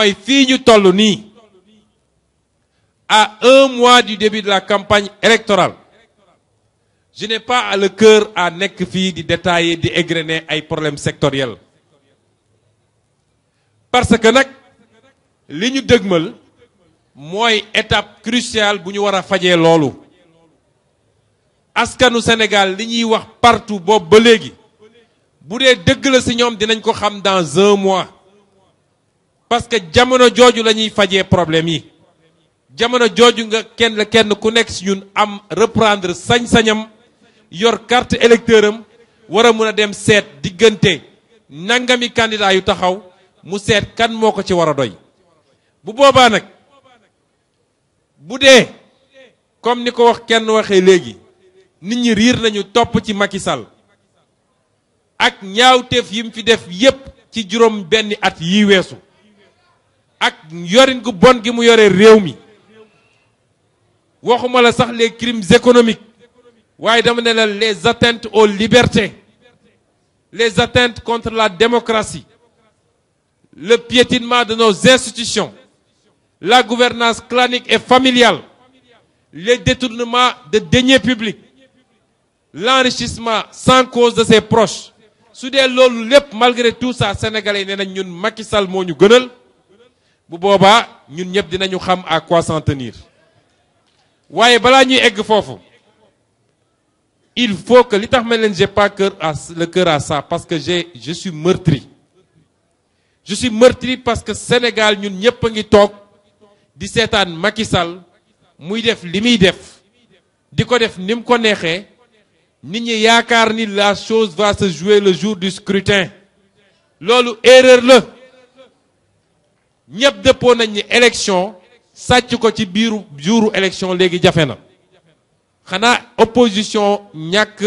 Moy à un mois du début de la campagne électorale je n'ai pas le cœur à ne de détailler di problèmes sectoriels parce que nag de étape cruciale pour nous faire Sénégal partout pour dans un mois parce que jamono joju la fajé problème yi jamono joju nga kenn la kenn ku nek ñun am reprendre sañ-sañam yor carte électeuram wara mëna dem set digënté nangami candidat yu taxaw mu seet kan moko ci wara doy bu boba nak bu comme niko ko wax kenn waxé légui nit ñi rir nañu top ci Macky Sall ak ñaawteef yim fi def yépp ci juroom benn at yi ak la les crimes économiques les atteintes aux libertés les atteintes contre la démocratie le piétinement de nos institutions la gouvernance clanique et familiale les détournements de deniers publics l'enrichissement sans cause de ses proches soudé malgré tout ça sénégalais ñun Macky Sall bu nous ñun ñëpp dinañu xam à quoi s'en tenir waaye balaa ñuy egg fofu. il faut que li tax j'ai pas cœur à le cœur à ça parce que j'ai je suis meurtri je suis meurtri parce que Sénégal ñun ñëpp a ngi toog di seetaan Macky Sall muy def li muy def diko def ni mu ko neexee nit ñi ni la chose va se jouer le jour du scrutin Lolo, erreur le ñepp dëppoo nañ ni élection sàcc ko ci biiru juuru élection légui jafe na xanaa opposition ñak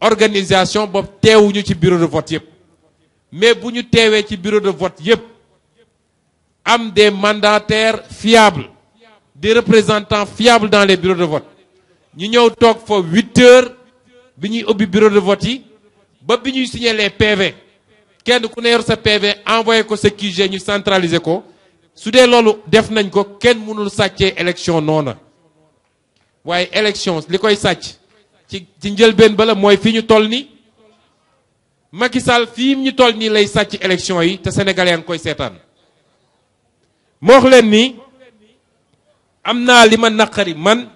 organisation bob teewuñu ci bureau de vote yépp mais pour téwé ci bureau de vote y am des mandataires fiables des représentants fiables dans les bureaux de vote ñu ñew tok fo 8 heures biñuy ubi bureau de vote yi ba signé les PV kenn ku ne yor sa PV envoyé ko sa QG ñu centraliser ko su dee loolu def nañ ko kenn mënul sàccee élection noona waaye élection li koy sàcc ci ci njëlbeen bala mooy fii ñu toll ni Macky Sall fii ñu toll nii lay sàcc élection yi te sénégalais koy seetaan moo wax leen ni am naa li ma naqari man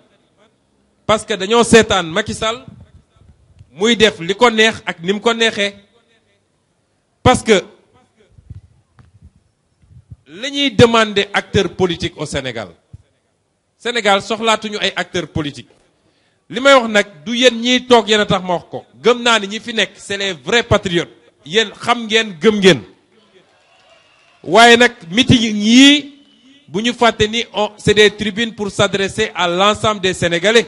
parce que dañoo seetaan Macky Sall muy def li ko neex ak ni mu ko neexee parce que li ñuy demander politiques politiques au Sénégal Sénégal soxlaatuñu ay acteur politique acteurs politiques. wax nag du yéen ñiy toog yéen tax ma wax ko c'est les vrais patriotes yéen xam ngeen gëm ngeen waaye meeting c'est des tribunes pour s'adresser à l'ensemble des Sénégalais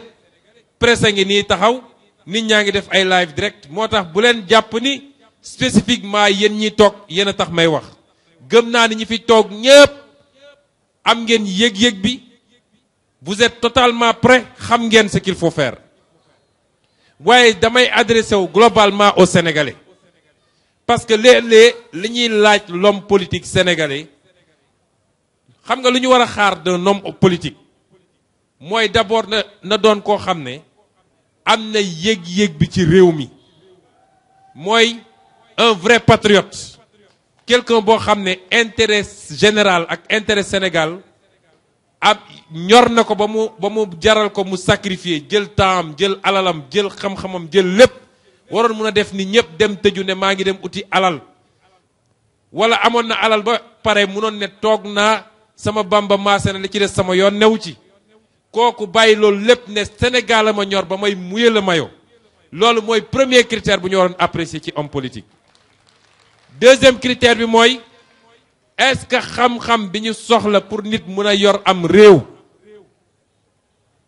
presse ni taxaw nit ñaa ngi def ay live direct moo tax bu len japp ni spécifiquement yen ñi tok yéen a tax may wax gëm ni ñi fi tok ñepp am ngeen yeg bi vous êtes totalement prêt xam ngeen ce qu'il faut faire waye damay adresser adresser globalement aux Sénégalais parce que les les li ñuy laaj l'homme politique sénégalais xam nga lu ñu wara xaar d'un homme politique moy d'abord na na doon ko xamné ne am na bi ci réew mi moy un vrai patriote quelqu'un qui a intérêt général ak intérêt Sénégal ab ñor na ko ba mu ba mu jaral ko mu sacrifier jël tam, jël alalam jël xam-xamam jël lépp waroon mun a def ni ñëpp dem tëju ne ngi dem uti alal wala amon na alal ba pare munoon ne toog naa sama bamba masena li ci dess sama yoon newu ci koku bàyyi lol lépp ne Sénégal ma ñor ba may muye mayo lolou moy premier critère bu ñu waroon apprécier ci homme politique deuxième critère bi est-ce que xam-xam bi soxla pour nit nous yor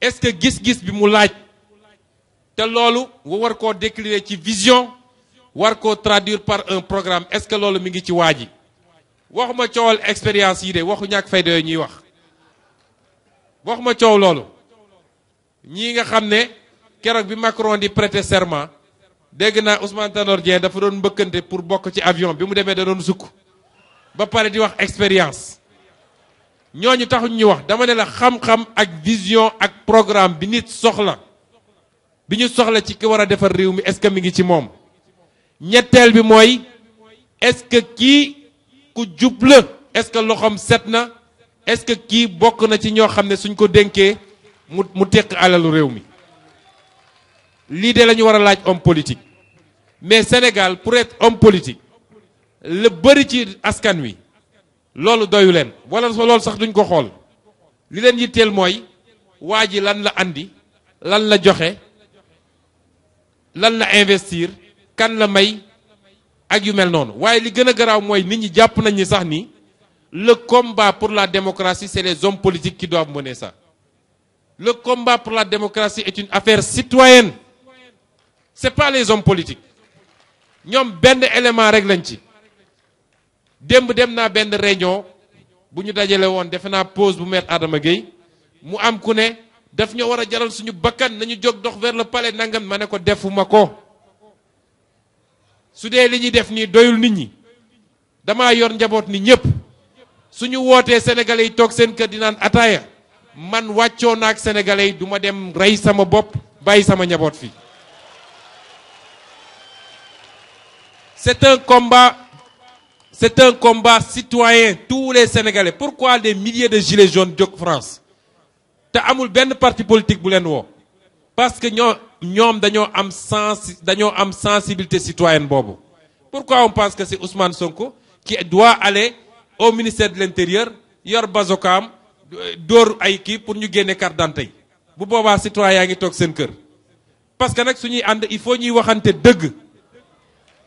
est-ce que gis-gis bi mu laaj te war ci vision war de traduire par un programme est-ce que lolu mi ci waji waxuma ciowal expérience yi de waxu ñak wax waxuma lolu ñi nga bi Macron di prêter serment dégg Ousmane Tanor Dieng dafa doon mbëkkante pour bok ci avion bi mu demee da doon sukk ba pare di wax expérience ñooñu taxuñ ñu wax dama ne la xam-xam ak vision ak programme bi nit soxla biñu soxla ci ki wara a defar réew mi est-ce que mi ngi ci mom ñettel bi moy est-ce que ku jub la est-ce que loxoom set est-ce que kii bokk na ci ñoo xam suñ ko denké mu mu alalu réew mi L'idée, de la ñu homme politique mais Sénégal pour être homme politique le bëri ci askan wi loolu voilà ce que loolu sax duñ ko xool li leen yitteel mooy waa lan la andi lan la joxe lan la investir kan la may ak yu mel non waaye li gëna graw moy nit ñi japp nañ ni sax ni le combat pour la démocratie c'est les hommes politiques qui doivent mener ça le combat pour la démocratie est une affaire citoyenne n'est pas les hommes politiques Nous benn élément rek lañ ci dem na benn réunion bu ñu dajale woon pause bu maître Adama gey mu am ku ne daf ñu jaral suñu bakkan nañu dox vers le palais nangam ko defuma ko su li def ni doyul nit ñi yor ni ñëpp suñu sénégalais kër man sénégalais dem ray sama bop C'est un combat, c'est un combat citoyen, tous les Sénégalais. Pourquoi des milliers de gilets jaunes de France te amul ben parti politique bu parce que ñoo avons une sensibilité citoyenne pourquoi on pense que c'est Ousmane Sonko qui doit aller au ministère de l'intérieur yor Bazokam, Dor ay pour nous gagner carte d'identité yi bu boobaa citoyen yaa ngi toog parce que nag suñuy faut il faut nous waxante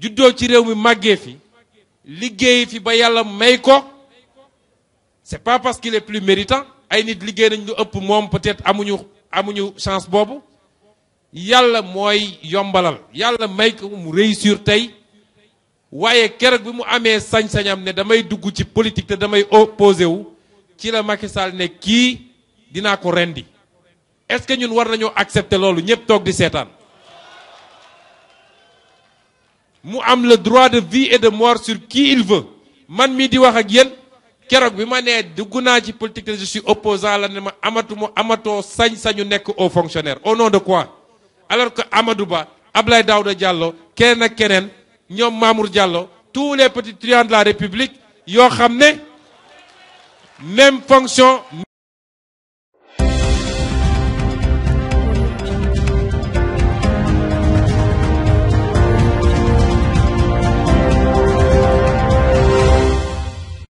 juddoo ci réew mi màggee fi liggéey fi ba yàlla may ko c'est pas parce qu'il est plus méritant ay nit liggéey nañ lu ëpp moom peut-être amuñu amuñu chance boobu yàlla mooy yombalal yàlla may ko mu réussir tey waaye keroog bi mu amee sañ-sañam ne damay dugg ci politique te damay opposé wu ci la ne kii dinaa ko rendi est-ce que ñun war nañoo accepter loolu ñëpp toog di seetaan mu am le droit de vie et de mort sur qui il veut man midi di wax ak kérok bima né je suis opposant la ne ma amatuma amato sañ-sañu fonctionnaire au nom de quoi alors que Amadouba, Ba Ablaye Daouda Diallo keneen ak keneen Mamour Diallo tous les petits truands de la République yo xamné la même fonction